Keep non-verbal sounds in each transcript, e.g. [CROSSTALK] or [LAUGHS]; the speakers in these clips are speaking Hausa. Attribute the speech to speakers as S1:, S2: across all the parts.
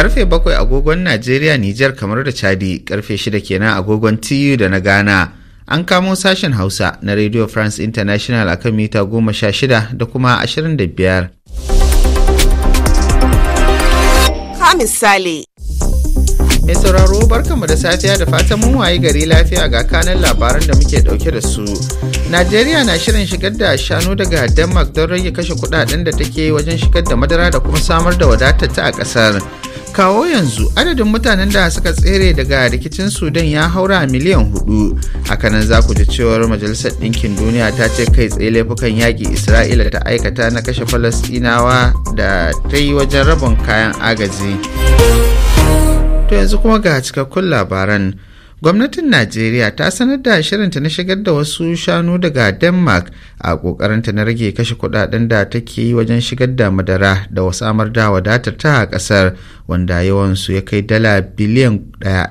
S1: karfe bakwai agogon najeriya nijar kamar da chadi karfe shida kenan agogon tu da na ghana an kamo sashen hausa na radio france international akan mita goma sha shida da kuma ashirin da biyar
S2: ka misali
S1: mai sauraro barkanmu da safiya da fatan mun waye gari lafiya ga kanan labaran da muke dauke da su najeriya na shirin shigar da shanu daga denmark don rage kashe kudaden da take wajen shigar da madara da kuma samar da wadatar ta a kasar kawo yanzu adadin mutanen da suka tsere daga rikicin sudan ya haura miliyan hudu hakanan za ku ji cewar majalisar ɗinkin duniya ta ce kai tsaye laifukan yaƙi isra'ila ta aikata na kashe falasɗinawa da ta yi wajen rabon kayan agaji to yanzu kuma ga cikakkun labaran gwamnatin najeriya ta sanar da shirinta na shigar da wasu shanu daga denmark a kokarinta na rage kashe kudaden da take yi wajen shigar da madara da samar da wadatar ta a kasar wanda yawansu ya kai dala biliyan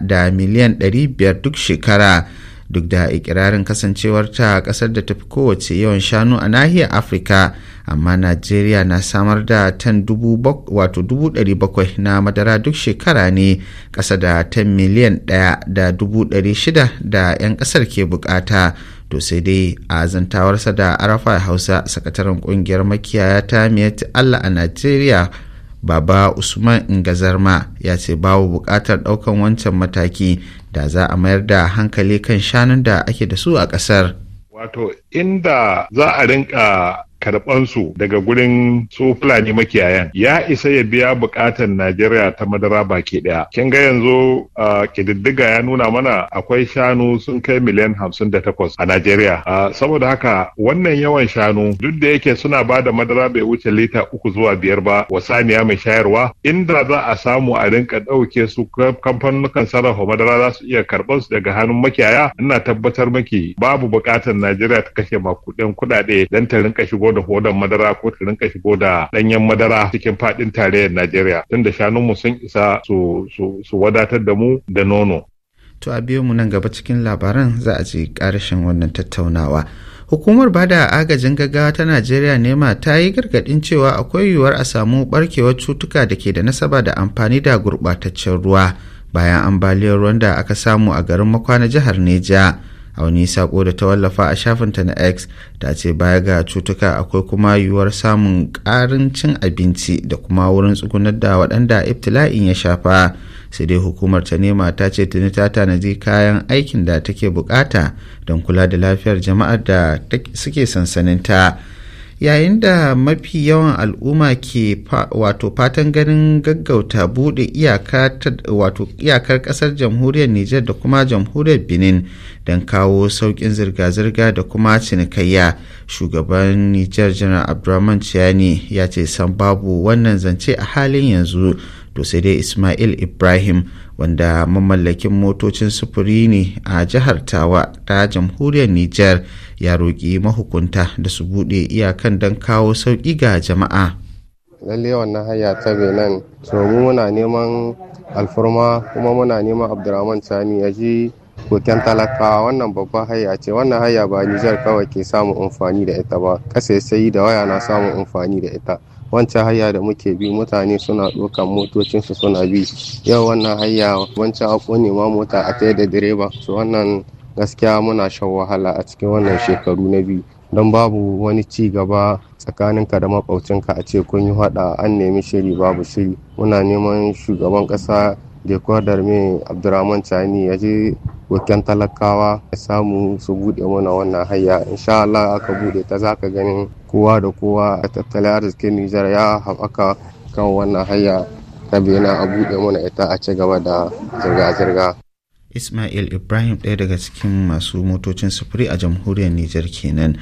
S1: da miliyan 500 duk shekara duk da ikirarin kasancewarta kasar da tafi kowace yawan shanu a nahiyar afirka amma najeriya na samar da tan bakwai na madara duk shekara ne kasa da tan miliyan ɗaya da dubu shida da 'yan kasar ke bukata to sai dai a zantawarsa da arafa hausa sakataren kungiyar makiyaya ta miyati allah a najeriya baba usman ingazarma ya ce babu buƙatar ɗaukan wancan mataki da za a mayar da hankali kan shanun da ake da su a ƙasar
S3: wato inda za a rinka karɓansu daga gurin su Fulani makiyayan ya isa ya biya buƙatar Najeriya ta madara baki ɗaya. Kin ga yanzu ƙididdiga ya nuna mana akwai shanu sun kai miliyan hamsin da takwas a Najeriya. Saboda haka wannan yawan shanu duk da yake suna ba da madara bai wuce lita uku zuwa biyar ba wa saniya mai shayarwa inda za a samu a rinka ɗauke su kamfanukan sarrafa madara za su iya karɓar su daga hannun makiyaya ina tabbatar maki babu buƙatar Najeriya ta kashe makuɗin kuɗaɗe don ta rinka shigo da hodar madara ko ta rinka shigo da danyen madara cikin faɗin tarayyar Najeriya tunda mu sun isa su wadatar da mu da nono.
S1: To a biyo mu nan gaba cikin labaran za a ji ƙarashin wannan tattaunawa. Hukumar bada agajin gaggawa ta Najeriya nema ta yi gargaɗin cewa akwai yiwuwar a samu barkewar cutuka da ke da nasaba da amfani da gurɓataccen ruwa bayan ambaliyar ruwan da aka samu a garin makwana jihar Neja. a wani sako da ta wallafa a shafinta na x ta ce baya ga cutuka akwai kuma yiwuwar samun karin cin abinci da kuma wurin tsugunar da waɗanda ibtila'in ya shafa sai dai hukumar ta nema ta ce tuni ta tanadi kayan aikin da take bukata don kula da lafiyar jama'ar da suke sansaninta. ta yayin da mafi yawan al'umma ke wato fatan ganin gaggauta bude iyakar kasar jamhuriyar nijar da kuma jamhuriyar benin don kawo saukin zirga-zirga da kuma cinikayya shugaban nijar general abdulrahman Chiani ya ce san babu wannan zance a halin yanzu to sai dai ismail ibrahim wanda mamallakin motocin sufuri ne a jihar tawa ta jamhuriyar nijar ya roƙi mahukunta da su buɗe iyakan don kawo sauƙi ga jama'a lalle wannan hanya ta benin so mu muna neman alfurma kuma muna neman abdurrahman sani ya ji koken talakawa wannan babban hanya ce wannan haya ba nijar kawai ke samun amfani da ita ba kasa sai da waya na samun amfani da ita wancan hanya da muke bi mutane suna ɗaukan motocinsu suna bi yau wannan hanya wancan akwai ne ma mota a tsaye da direba su wannan gaskiya muna shan wahala a cikin wannan shekaru na biyu don babu wani ci gaba tsakaninka da makwabcinka a ce kun yi hada an nemi shiri babu shiri muna neman shugaban ƙasa dekodar mai abdurrahman chani ya je wakilan talakawa ya samu su buɗe mana wannan hayya insha Allah aka buɗe ta zaka ganin kowa da kowa a tattalin arzikin Nijar ya haɓaka kan wannan hayya ta bena a buɗe mana ita a ci gaba da zirga-zirga. Ismail Ibrahim ɗaya daga cikin masu motocin sufuri a jamhuriyar Nijar kenan.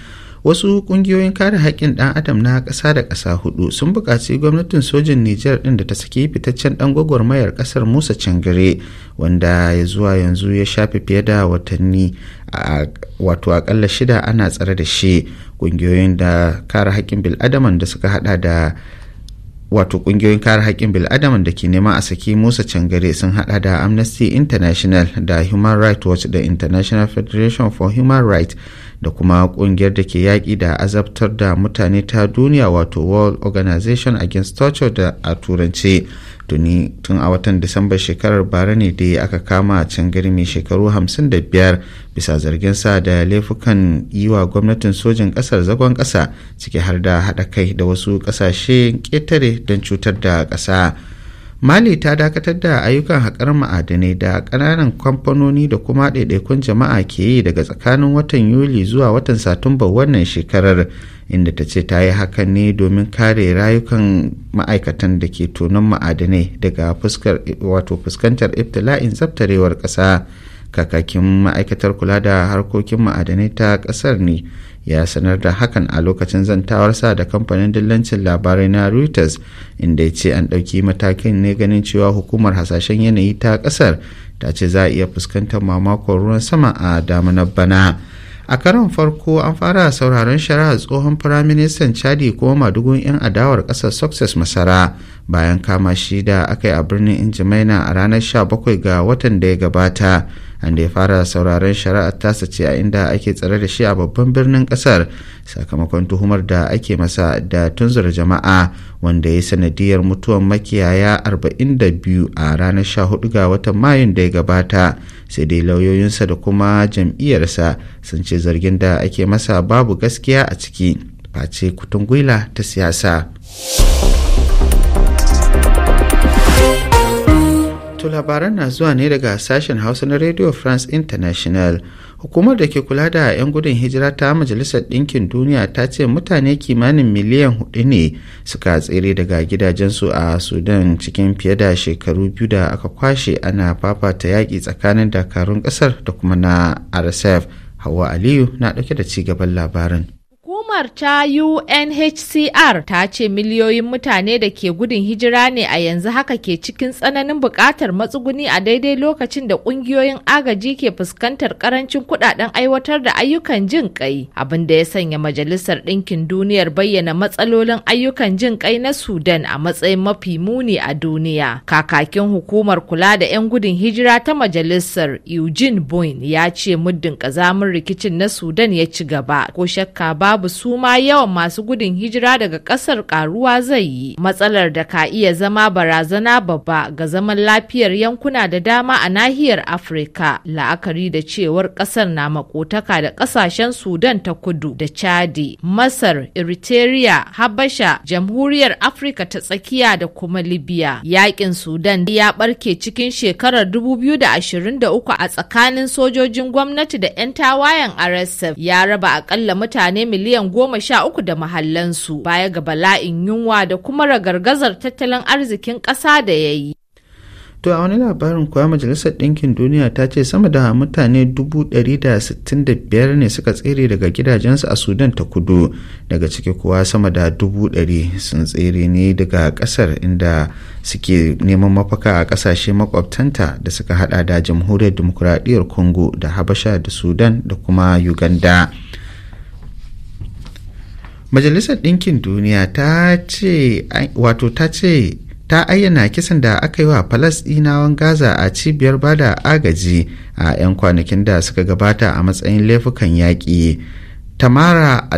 S1: wasu kungiyoyin kare haƙƙin ɗan adam na ƙasa da ƙasa hudu sun buƙaci gwamnatin sojin nijar ɗin da ta saki fitaccen ɗan gwagwarmayar ƙasar musa cangare wanda ya zuwa yanzu ya shafe fiye da watanni wato aƙalla shida ana tsare da shi kungiyoyin da kare haƙƙin bil'adaman da suka hada da wato kungiyoyin kare haƙƙin bil'adaman da ke neman a saki musa cangare sun haɗa da amnesty international da human rights watch da international federation for human rights da kuma kungiyar da ke yaƙi da azabtar da mutane ta duniya wato world organization against torture da a turance tuni tun a watan disambar shekarar bara ne da aka kama a can gari mai shekaru 55 bisa zargin sa da laifukan yi wa gwamnatin sojin ƙasar zagon ƙasa ciki har da haɗa kai da wasu ƙasashe ƙetare don cutar da ƙasa. mali ta dakatar da ayyukan haƙar ma'adanai da ƙananan kamfanoni da kuma ɗaiɗaikun jama'a ke yi daga tsakanin watan yuli zuwa watan satumba wannan shekarar inda ta ce ta yi hakan ne domin kare rayukan ma'aikatan da ke tonon ma'adanai daga wato fuskantar iftila'in zabtarewar ƙasa kakakin ma'aikatar kula da harkokin ma'adanai ta ƙasar ne ya sanar da hakan a lokacin zantawarsa da kamfanin dillancin labarai na reuters inda ya ce an ɗauki matakin ne ganin cewa hukumar hasashen yanayi ta ƙasar ta ce za a iya fuskantar mamakon ruwan sama a damunar bana a karon farko an fara sauraron shari'a tsohon firaministan chadi kuma madugun 'yan adawar kasar success masara bayan kama shi da aka yi a birnin injimaina a ranar 17 ga watan da ya gabata da ya fara sauraron shari'ar tasa ce a inda ake tsare da shi a babban birnin kasar sakamakon tuhumar da ake masa da tunzura jama'a wanda ya sanadiyar mutuwar makiyaya 42 a ranar 14 ga watan mayun da ya gabata sai dai lauyoyinsa da kuma jam'iyyarsa sun ce zargin da ake masa babu gaskiya a ciki face kutungwila ta siyasa. To labaran na zuwa ne daga sashen Hausa na Radio France International. Hukumar da ke kula da 'yan gudun hijira ta Majalisar Ɗinkin Duniya ta ce mutane kimanin miliyan hudu ne suka tsere daga gidajensu a Sudan cikin fiye da shekaru biyu da aka kwashe ana fafata yaƙi tsakanin dakarun ƙasar da kuma na RSF. Hawa Aliyu na ɗauke da ci gaban labarin.
S4: Hukumar ta UNHCR ta ce miliyoyin mutane da ke gudun hijira ne a yanzu haka ke cikin tsananin buƙatar matsuguni a daidai lokacin da ƙungiyoyin agaji ke fuskantar ƙarancin kuɗaɗen aiwatar da ayyukan jin ƙai, abin da ya sanya Majalisar Ɗinkin Duniyar bayyana matsalolin ayyukan jin ƙai na Sudan a matsayin mafi muni a duniya. Kakakin hukumar kula da 'yan gudun hijira ta Majalisar Eugene Boyne ya ce muddin ƙazamin rikicin na Sudan ya ci gaba, ko shakka babu su ma yawan masu gudun hijira daga ƙasar karuwa zai yi matsalar da ka iya zama barazana babba ga zaman lafiyar yankuna da dama a nahiyar afirka la'akari da cewar ƙasar na makotaka da ƙasashen sudan ta kudu da chadi masar eritrea habasha jamhuriyar afirka ta tsakiya da kuma libya yakin sudan ya barke cikin shekarar 2023 a tsakanin sojojin gwamnati da 'yan tawayen rsf ya raba akalla mutane miliyan goma sha uku da mahallansu baya ga bala'in yunwa da kuma ragargazar tattalin arzikin ƙasa da ya yi.
S1: To a wani labarin kuwa Majalisar Ɗinkin Duniya ta ce sama da mutane 165 ne suka tsere daga gidajensu a Sudan ta kudu daga ciki kuwa sama da 100 sun tsere ne daga ƙasar inda suke neman mafaka a ƙasashe makwabtanta da suka hada da Jamhuriyar Dimokuraɗiyyar Congo da Habasha da Sudan da kuma Uganda. majalisar ɗinkin duniya ta ce wato ta ta ayyana kisan da aka yi wa falasɗinawan gaza a cibiyar bada agaji a 'yan kwanakin da suka gabata a matsayin laifukan yaƙi tamara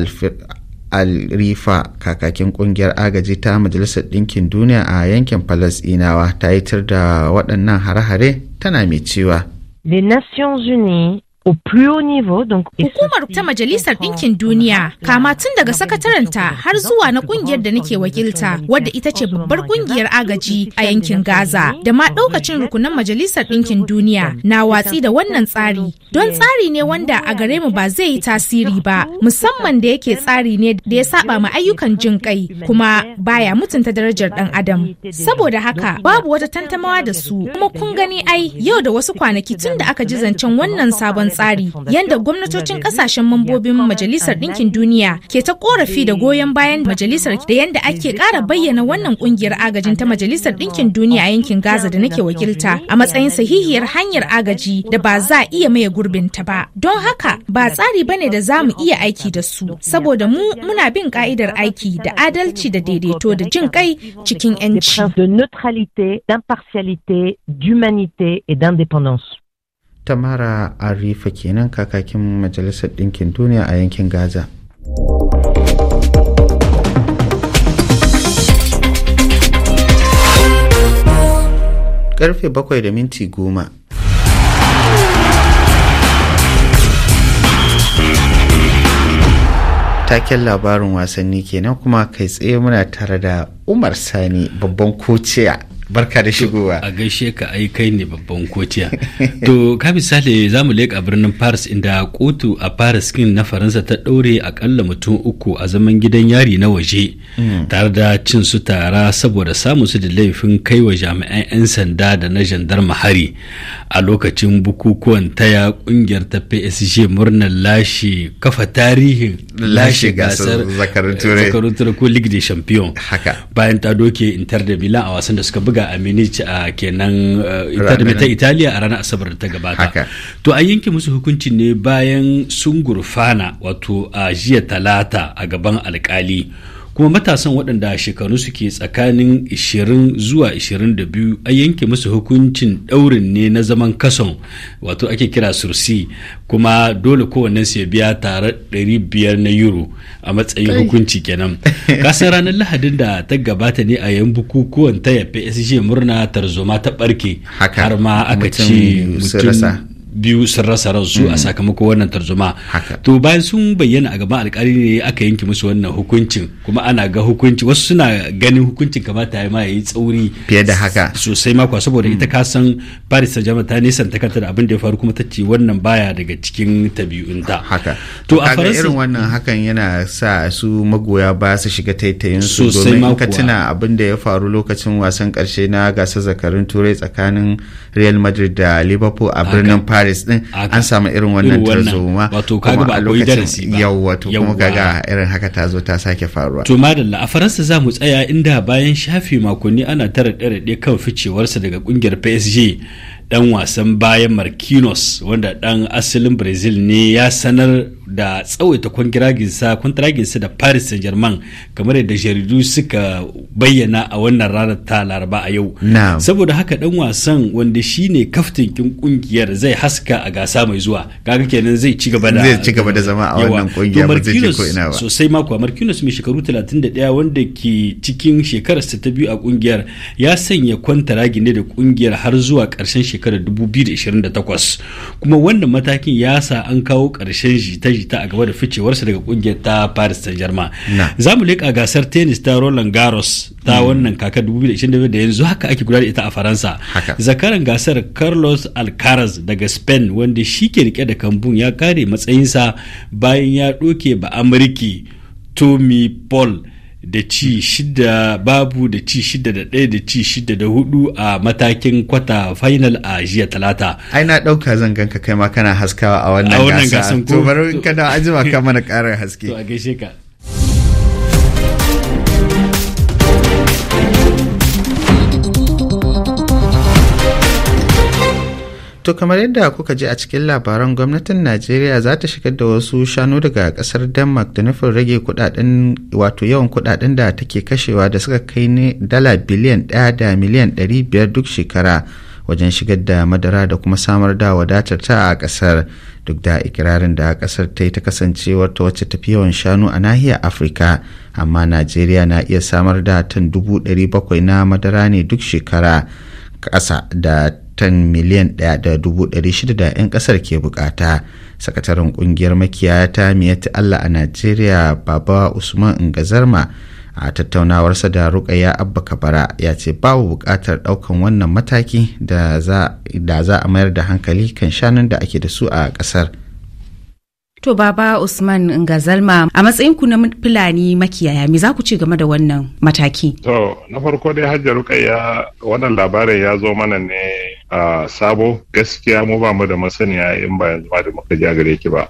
S1: alrifa kakakin ƙungiyar agaji ta majalisar ɗinkin duniya a yankin falasɗinawa ta yi tar da waɗannan hare-hare tana mai cewa
S3: The Nations Unies Hukumar
S2: ta Majalisar Ɗinkin Duniya kama tun daga sakataranta har zuwa na ƙungiyar da nake wakilta wadda ita ce babbar ƙungiyar agaji a yankin Gaza da ma ɗaukacin rukunan Majalisar Ɗinkin Duniya na watsi da wannan tsari don tsari ne wanda a gare mu ba zai yi tasiri ba musamman da yake tsari ne da ya saba ma ayyukan jin kai kuma baya mutunta darajar ɗan adam. Saboda haka babu wata tantamawa da su kuma kun gani ai yau da wasu kwanaki tun da aka ji zancen wannan sabon tsari yadda gwamnatocin kasashen mambobin majalisar ɗinkin duniya ke ta korafi da goyon bayan majalisar da yadda ake ƙara bayyana wannan ƙungiyar agajin ta majalisar ɗinkin duniya a yankin Gaza da nake wakilta a matsayin sahihiyar hanyar agaji da ba za a iya maye gurbinta ba. Don haka ba tsari bane da za mu iya aiki da su saboda mu muna bin ka'idar aiki da adalci da daidaito da jin kai cikin 'yanci. d'humanité
S4: et d'indépendance.
S1: tamara arifa kenan kakakin majalisar ɗinkin duniya a yankin gaza karfe bakwai da minti goma. taken labarin wasanni kenan kuma kai tsaye muna tare
S5: da umar sani babban kociya barka da shigowa a gaishe ka ai kai ne babban kotiya [LAUGHS] to ka misali za mu leƙa birnin paris inda kotu a paris kin na faransa ta ɗaure akalla mutum uku a zaman gidan yari na waje hmm. tare da cin su tara saboda samun su da laifin kai wa jami'an 'yan sanda da na jandarma hari a lokacin bukukuwan taya kungiyar ta psg murnar lashe kafa tarihin lashe gasar eh, zakarun turai ko league de champion bayan ta doke inter da milan a wasan da suka buga ga a Munich a kenan ita Italiya a ranar Asabar da ta gabata. To an yanke musu hukunci ne bayan sun gurfana wato a jiya talata a gaban alkali. kuma matasan waɗanda shekaru suke tsakanin 20 zuwa 22 a yanke musu hukuncin ɗaurin ne na zaman kason wato ake kira sursi kuma dole kowanne ya biya tare 500 na euro a matsayin hukunci kenan [LAUGHS] kasan ranar lahadin da ta gabata ne a yan bukukuwan ta yafe sg murna tarzoma ta barke har ma aka ce mutum biyu sun rasa ransu a hmm. sakamakon wannan tarzoma to bayan sun bayyana a gaban alkali ne aka yanke musu wannan hukuncin kuma ana ga hukunci wasu suna ganin hukuncin kamata ya ma yayi tsauri fiye da haka sosai makwa saboda ita hmm. ka san Paris Saint-Germain ta nisan ta kanta da abin da ya faru kuma ta ce wannan baya daga cikin tabi'unta haka
S1: to a faransa irin wannan hakan yana sa su magoya ba su shiga taitayin su domin ka tuna abin da ya faru lokacin wasan karshe na gasar zakarun turai tsakanin Real Madrid da Liverpool a birnin Paris paris din an samu irin wannan tarzoma wato kaga ba a lokacin yawwa wato kuma kaga irin haka ta zo ta sake faruwa to
S5: madalla a faransa za mu tsaya inda bayan shafi makonni ana tara ɗaya kan ficewarsa daga kungiyar psg dan wasan bayan marquinhos wanda dan asalin brazil ne ya sanar da tsawaita kwantiraginsa kwantiraginsa da paris saint germain kamar yadda jaridu suka bayyana a wannan ranar ta laraba a yau saboda haka dan wasan wanda shi ne kaftinkin kungiyar zai haska a gasa mai zuwa gaga kenan zai ci gaba da zai ci gaba da zama a wannan kungiya ba zai ko ina ba sosai mako marquinhos mai shekaru 31 wanda ke cikin shekararsa ta biyu a kungiyar ya sanya kwantaragi ne da kungiyar har zuwa karshen shekarar. shekarar 2028 kuma wannan matakin ya sa an kawo ƙarshen jita-jita a gaba da ficewarsa daga ƙungiyar ta paris saint germain za mu leƙa gasar tennis ta roland garros ta hmm. wannan kakar 2025 da yanzu haka ake gudanar ita a faransa zakaran gasar carlos alcaraz daga spain wanda shi ke rike da kambun ya kare matsayinsa bayan ya ɗoke ba amurki tommy paul da ci shida babu da ci shida da ɗaya da ci shida da hudu a matakin kwata final a jiya talata.
S1: Ai na ɗauka zan ganka kai ma kana haskawa a wannan gasa. gasan To
S5: bari kana ajima ka [LAUGHS] mana ƙarar haske. To a gaishe ka.
S1: To kamar yadda kuka ji a cikin labaran gwamnatin Najeriya za ta shigar da wasu shanu daga kasar Denmark da nufin rage kudaden wato yawan kudaden da take kashewa da suka kai ne dala biliyan ɗaya da miliyan ɗari biyar duk shekara wajen shigar da madara da kuma samar da wadatar ta a kasar duk da ikirarin da kasar ta yi ta kasancewar ta wacce tafi yawan shanu a nahiyar Afirka amma Najeriya na iya samar da tan dubu bakwai na madara ne duk shekara ƙasa da tan miliyan 1,600 'yan kasar ke bukata sakataren kungiyar makiyaya ta miyati allah a najeriya baba usman ingazarma a tattaunawarsa da rukaya abba kabara ya ce babu bukatar daukan wannan mataki da za a mayar da hankali kan shanun da ake da su a kasar
S2: To baba Usman Ngazalma a matsayin ku na Fulani makiyaya me za ku ci game da wannan
S3: mataki? To na farko dai Hajjar rukaya wannan labarin ya zo mana ne a sabo gaskiya mu ba mu da masaniya in ba yanzu ma da muka ja gare ki ba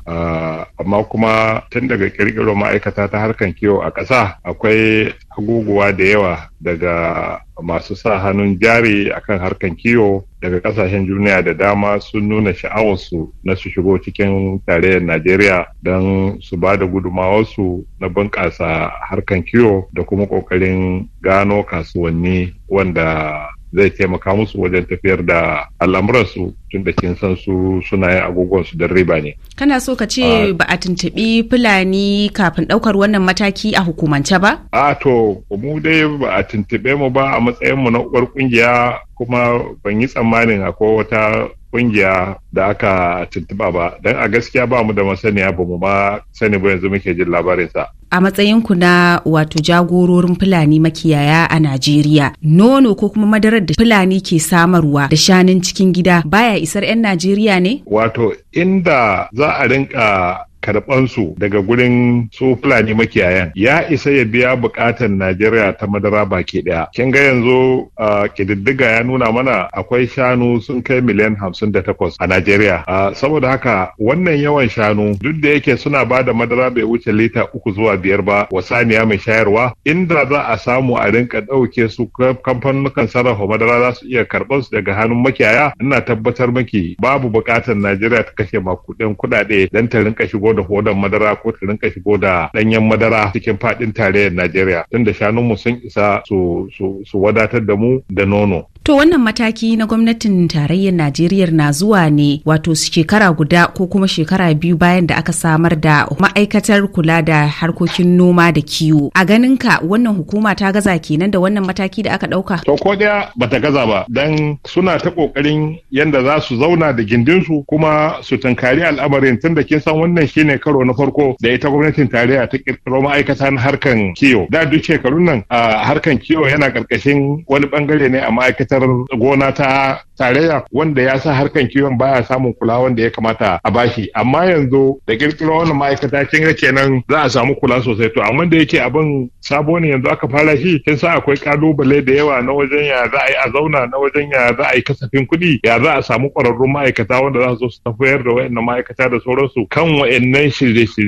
S3: amma kuma tun daga kirkiro ma'aikata ta harkan kiwo a ƙasa akwai agogowa da yawa daga masu sa hannun jari akan harkan kiwo daga kasashen duniya da dama sun nuna sha'awarsu na su shigo cikin tarayyar najeriya don su ba da gudumawarsu na bunƙasa harkan kiwo da kuma ƙoƙarin gano kasuwanni wanda zai taimaka musu wajen tafiyar da al'amuransu tun da kin san su suna yin agogon su don riba ne.
S2: Kana so ka ce ah. ba a tuntuɓi Fulani kafin ɗaukar wannan mataki a hukumance ba?
S3: A to, mu dai ba a tuntuɓe mu ba a matsayin mu na uwar kungiya kuma ban yi tsammanin akwai wata kungiya da aka tuntuba ba don a gaskiya ba mu da masaniya ba mu ma sani ba yanzu muke jin labarin sa.
S2: A matsayin ku na wato jagororin Fulani makiyaya a Najeriya, nono ko kuma madarar da Fulani ke samarwa da shanun cikin gida baya isar 'yan Najeriya ne?
S3: Wato inda za a rinka karɓansu daga gurin su Fulani makiyayan ya isa ya biya buƙatar Najeriya ta madara baki ɗaya. Kin ga yanzu ƙididdiga ya nuna mana akwai shanu sun kai miliyan hamsin da takwas a Najeriya. Saboda haka wannan yawan shanu duk da yake suna ba da madara bai wuce lita uku zuwa biyar ba wa saniya mai shayarwa inda za a samu a rinka ɗauke su kamfanukan sarrafa madara za su iya karɓar su daga hannun makiyaya ina tabbatar maki babu buƙatar Najeriya ta kashe makuɗin kuɗaɗe don ta rinka shigo shigo da hodon madara ko ta rinka shigo da ɗanyen madara cikin faɗin tarayyar Najeriya tunda mu sun isa su wadatar da mu da nono.
S2: To wannan mataki na gwamnatin tarayyar Najeriya na zuwa ne wato shekara guda ko kuma shekara biyu bayan da aka samar da ma'aikatar kula da harkokin noma da kiwo. A ganin ka wannan hukuma ta gaza kenan da wannan mataki da aka ɗauka? To
S3: ko daya bata gaza ba dan suna ta kokarin yanda za su zauna da gindinsu kuma su tunkari al'amarin tunda kin san wannan shine karo na farko da ita gwamnatin tarayya ta kirkiro ma'aikata harkan kiwo da duk shekarun nan a harkan kiwo yana karkashin wani bangare ne a ma'aikatar gona ta tarayya wanda ya sa harkan kiwon baya samun kula wanda ya kamata a bashi amma yanzu da kirkiro wannan ma'aikata kin ga kenan za a samu kula sosai to amma da yake abin sabo ne yanzu aka fara shi kin sa akwai kalubale da yawa na wajen ya za a yi a zauna na wajen ya za a yi kasafin kuɗi ya za a samu ƙwararrun ma'aikata wanda za su zo su tafiyar da wayannan ma'aikata da sauransu kan wayannan nem se decidir